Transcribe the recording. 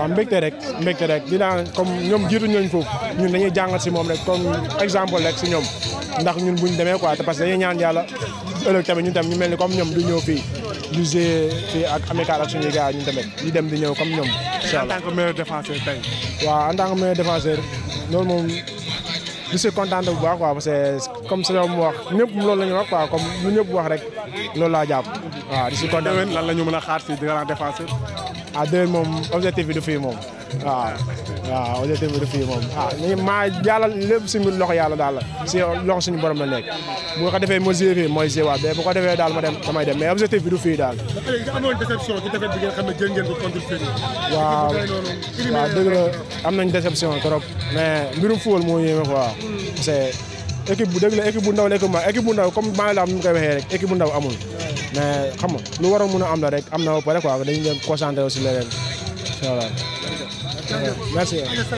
waaw mbégte rek mbégte rek dinaa comme ñoom jiitu ñooñ foofu ñun dañuy jàngat si moom rek comme exemple rek si ñoom ndax ñun buñ demee quoi te parce que dañuy ñaan yàlla ëllëg tamit ñun ñu mel ni comme ñoom du ñëw fii du jouer fii ak amical ak suñuy gars ñun tamit ñu dem di ñëw comme ñoom incha allah en tant que meilleur défenseur tey waaw en tant que défenseur loolu moom je suis content bu baax quoi parce comme si yow mu wax ñëpp loolu la ñu wax quoi comme lu ñëpp wax rek loolu laa jàpp waaw je suis content lan la ñu mun a xaar si grand défenseur ah déwén moom objectif bi du fii moom waaw waaw objectif bi du fii moom ah maa yàlla lépp si mbir loxo yàlla daal la si loxo suñu borom la nekk bu ko defee ma gérer mooy géwaat mais bu ko defee daal ma dem damay dem mais objectif bi du fii daal. amoon déception ci defet bi ngeen xam ne jël ngeen ko waaw waaw am nañ déception trop mais mbirum football moo yéeme quoi parce que équipe bu dëgg la équipe bu ndaw la équipe bu ndaw comme maa ngi la am mu koy waxee rek équipe bu ndaw amul. mais xam nga lu war a mun a am la rek am na ba pare quoi dañuy concentré aussi leneen incha allah merci.